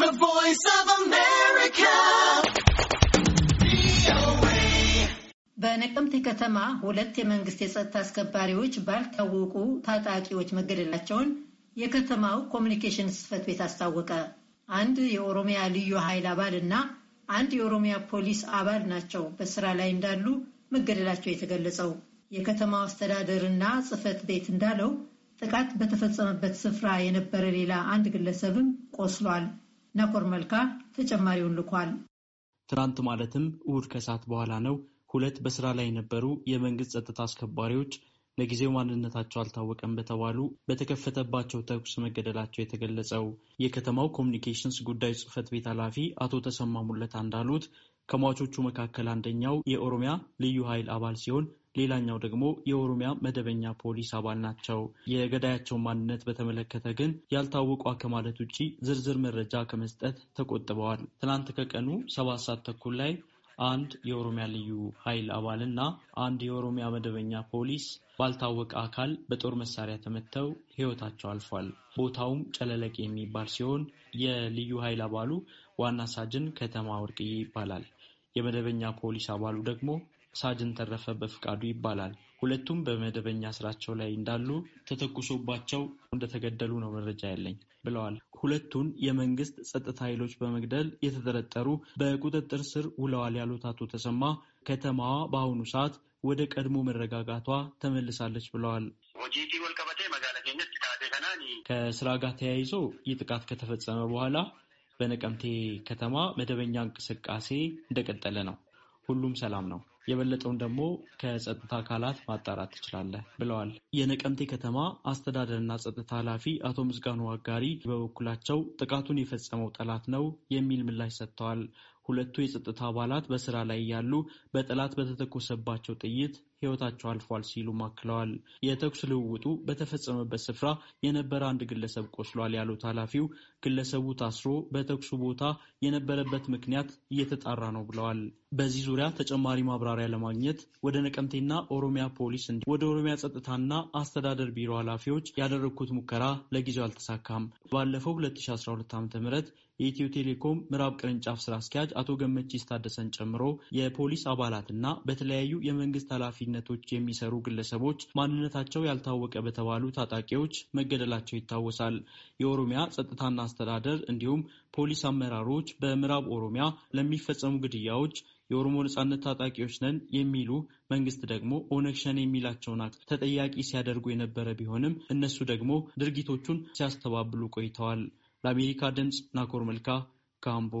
The Voice of America. በነቀምቴ ከተማ ሁለት የመንግስት የጸጥታ አስከባሪዎች ባልታወቁ ታጣቂዎች መገደላቸውን የከተማው ኮሚኒኬሽን ጽሕፈት ቤት አስታወቀ። አንድ የኦሮሚያ ልዩ ኃይል አባል እና አንድ የኦሮሚያ ፖሊስ አባል ናቸው በስራ ላይ እንዳሉ መገደላቸው የተገለጸው። የከተማው አስተዳደርና ጽህፈት ቤት እንዳለው ጥቃት በተፈጸመበት ስፍራ የነበረ ሌላ አንድ ግለሰብም ቆስሏል። ነቆር መልካ ተጨማሪውን ልኳል። ትናንት ማለትም እሁድ ከሰዓት በኋላ ነው ሁለት በስራ ላይ የነበሩ የመንግስት ጸጥታ አስከባሪዎች ለጊዜው ማንነታቸው አልታወቀም በተባሉ በተከፈተባቸው ተኩስ መገደላቸው የተገለጸው የከተማው ኮሚኒኬሽንስ ጉዳይ ጽህፈት ቤት ኃላፊ አቶ ተሰማ ሙለታ እንዳሉት ከሟቾቹ መካከል አንደኛው የኦሮሚያ ልዩ ኃይል አባል ሲሆን ሌላኛው ደግሞ የኦሮሚያ መደበኛ ፖሊስ አባል ናቸው። የገዳያቸውን ማንነት በተመለከተ ግን ያልታወቁ ከማለት ውጭ ዝርዝር መረጃ ከመስጠት ተቆጥበዋል። ትናንት ከቀኑ ሰባት ሰዓት ተኩል ላይ አንድ የኦሮሚያ ልዩ ኃይል አባልና አንድ የኦሮሚያ መደበኛ ፖሊስ ባልታወቀ አካል በጦር መሳሪያ ተመተው ሕይወታቸው አልፏል። ቦታውም ጨለለቅ የሚባል ሲሆን የልዩ ኃይል አባሉ ዋና ሳጅን ከተማ ወርቅዬ ይባላል። የመደበኛ ፖሊስ አባሉ ደግሞ ሳጅን ተረፈ በፍቃዱ ይባላል። ሁለቱም በመደበኛ ስራቸው ላይ እንዳሉ ተተኩሶባቸው እንደተገደሉ ነው መረጃ ያለኝ ብለዋል። ሁለቱን የመንግስት ጸጥታ ኃይሎች በመግደል የተጠረጠሩ በቁጥጥር ስር ውለዋል ያሉት አቶ ተሰማ ከተማዋ በአሁኑ ሰዓት ወደ ቀድሞ መረጋጋቷ ተመልሳለች ብለዋል። ከስራ ጋር ተያይዞ ይህ ጥቃት ከተፈጸመ በኋላ በነቀምቴ ከተማ መደበኛ እንቅስቃሴ እንደቀጠለ ነው። ሁሉም ሰላም ነው። የበለጠውን ደግሞ ከጸጥታ አካላት ማጣራት ትችላለህ ብለዋል። የነቀምቴ ከተማ አስተዳደርና ጸጥታ ኃላፊ አቶ ምስጋኑ አጋሪ በበኩላቸው ጥቃቱን የፈጸመው ጠላት ነው የሚል ምላሽ ሰጥተዋል። ሁለቱ የጸጥታ አባላት በስራ ላይ ያሉ በጠላት በተተኮሰባቸው ጥይት ሕይወታቸው አልፏል ሲሉ ማክለዋል። የተኩስ ልውውጡ በተፈጸመበት ስፍራ የነበረ አንድ ግለሰብ ቆስሏል ያሉት ኃላፊው ግለሰቡ ታስሮ በተኩሱ ቦታ የነበረበት ምክንያት እየተጣራ ነው ብለዋል። በዚህ ዙሪያ ተጨማሪ ማብራ ማብራሪያ ለማግኘት ወደ ነቀምቴና ኦሮሚያ ፖሊስ እንዲሁም ወደ ኦሮሚያ ጸጥታና አስተዳደር ቢሮ ኃላፊዎች ያደረግኩት ሙከራ ለጊዜው አልተሳካም። ባለፈው 2012 ዓ ም የኢትዮ ቴሌኮም ምዕራብ ቅርንጫፍ ስራ አስኪያጅ አቶ ገመቺስ ታደሰን ጨምሮ የፖሊስ አባላትና በተለያዩ የመንግስት ኃላፊነቶች የሚሰሩ ግለሰቦች ማንነታቸው ያልታወቀ በተባሉ ታጣቂዎች መገደላቸው ይታወሳል። የኦሮሚያ ጸጥታና አስተዳደር እንዲሁም ፖሊስ አመራሮች በምዕራብ ኦሮሚያ ለሚፈጸሙ ግድያዎች የኦሮሞ ነጻነት ታጣቂዎች ነን የሚሉ መንግስት ደግሞ ኦነግ ሸኔ የሚላቸውን ተጠያቂ ሲያደርጉ የነበረ ቢሆንም እነሱ ደግሞ ድርጊቶቹን ሲያስተባብሉ ቆይተዋል። ለአሜሪካ ድምፅ ናኮር መልካ ካምቦ